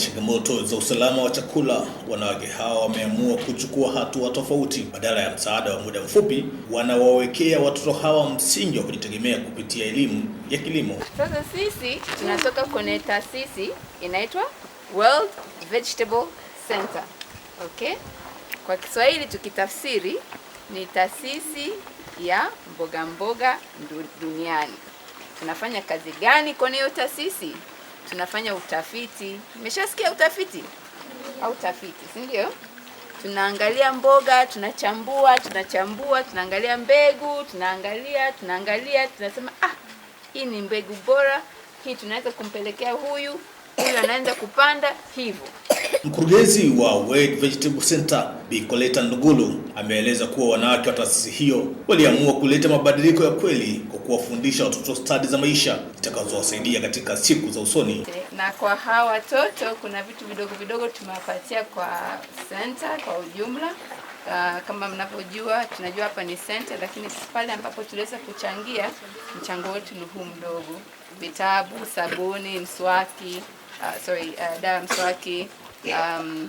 changamoto za usalama wa chakula, wanawake hawa wameamua kuchukua hatua tofauti. Badala ya msaada wa muda mfupi, wanawawekea watoto hawa msingi wa kujitegemea kupitia elimu ya kilimo. Sasa sisi tunatoka kwenye taasisi inaitwa World Vegetable Center. Okay, kwa Kiswahili tukitafsiri ni taasisi ya mboga mboga duniani. Tunafanya kazi gani kwenye hiyo taasisi? tunafanya utafiti. Umeshasikia utafiti au utafiti si ndio? Tunaangalia mboga, tunachambua, tunachambua, tunaangalia mbegu, tunaangalia, tunaangalia, tunasema ah, hii ni mbegu bora, hii tunaweza kumpelekea huyu, huyu anaanza kupanda hivyo. Mkurugenzi wa World Vegetable Center Bi Coleta Ndugulu ameeleza kuwa wanawake wa taasisi hiyo waliamua kuleta mabadiliko ya kweli kwa kuwafundisha watoto stadi za maisha zitakazowasaidia katika siku za usoni. Na kwa hawa watoto kuna vitu vidogo vidogo tumewapatia kwa center kwa ujumla. Uh, kama mnavyojua tunajua hapa ni center, lakini pale ambapo tuliweza kuchangia mchango wetu ni huu mdogo: vitabu, sabuni, mswaki, uh, sorry, uh, dawa mswaki um,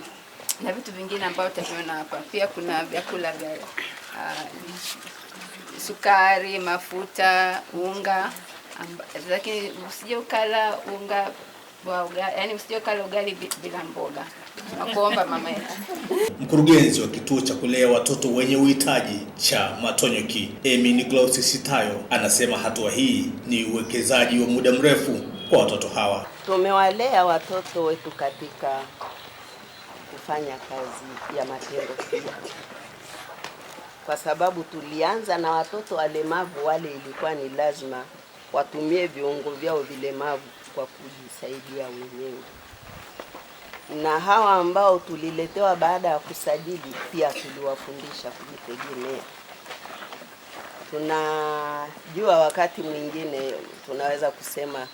na vitu vingine ambavyo utaviona hapa. Pia kuna vyakula vya uh, sukari, mafuta, unga amba, lakini usije ukala unga wa ugali, yani usije ukala ugali bila mboga. Nakuomba mama yetu. Mkurugenzi wa kituo cha kulea watoto wenye uhitaji cha Matonyoki, Amy Niklausi Sitayo, anasema hatua hii ni uwekezaji wa muda mrefu kwa watoto hawa. Tumewalea watoto wetu katika kufanya kazi ya matendo pia, kwa sababu tulianza na watoto walemavu wale, ilikuwa ni lazima watumie viungo vyao vilemavu kwa kujisaidia wenyewe, na hawa ambao tuliletewa baada ya kusajili pia tuliwafundisha kujitegemea. Tunajua wakati mwingine tunaweza kusema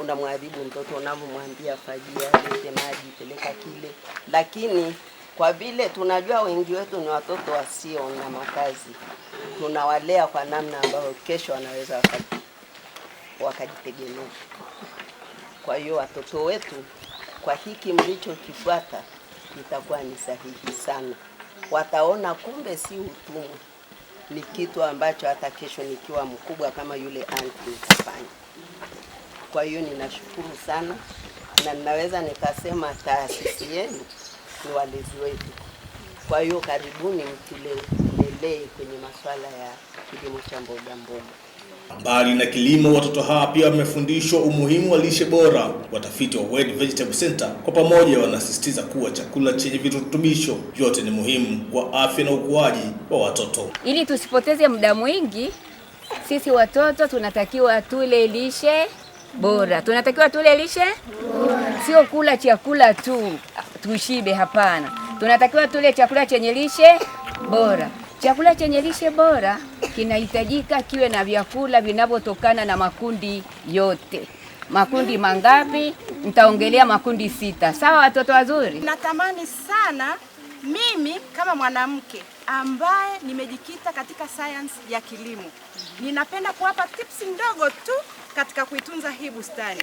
unamwadhibu mtoto unavyomwambia fajia, lete maji, peleka kile. Lakini kwa vile tunajua wengi wetu ni watoto wasio na makazi, tunawalea kwa namna ambayo kesho wanaweza wakajitegemea. Kwa hiyo watoto wetu, kwa hiki mlichokifuata itakuwa ni sahihi sana. Wataona kumbe si utumwa, ni kitu ambacho hata kesho nikiwa mkubwa kama yule anti nitafanya. Kwa hiyo ninashukuru sana na ninaweza nikasema taasisi yenu ni walezi wetu. Kwa hiyo karibuni, mtulelee kwenye masuala ya kilimo cha mboga mboga. Mbali na kilimo, watoto hawa pia wamefundishwa umuhimu wa lishe bora. Watafiti wa World Vegetable Center kwa pamoja wanasisitiza kuwa chakula chenye virutubisho vyote ni muhimu kwa afya na ukuaji wa watoto. Ili tusipoteze muda mwingi, sisi watoto tunatakiwa tule lishe bora. Tunatakiwa tule lishe bora, sio kula chakula tu tushibe, hapana. Tunatakiwa tule chakula chenye lishe bora. Chakula chenye lishe bora kinahitajika kiwe na vyakula vinavyotokana na makundi yote. Makundi mangapi? Nitaongelea makundi sita, sawa watoto wazuri? Natamani sana mimi kama mwanamke ambaye nimejikita katika sayansi ya kilimo, ninapenda kuwapa tips ndogo tu katika kuitunza hii bustani.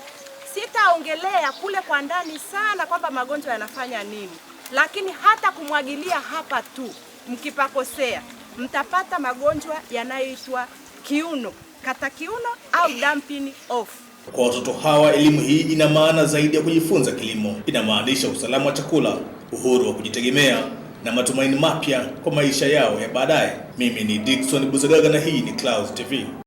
Sitaongelea kule kwa ndani sana kwamba magonjwa yanafanya nini, lakini hata kumwagilia hapa tu, mkipakosea mtapata magonjwa yanayoitwa kiuno, kata kiuno au dumping off. Kwa watoto hawa elimu hii ina maana zaidi ya kujifunza kilimo, inamaanisha usalama wa chakula uhuru wa kujitegemea na matumaini mapya kwa maisha yao ya baadaye. Mimi ni Dickson Busagaga na hii ni Clouds TV.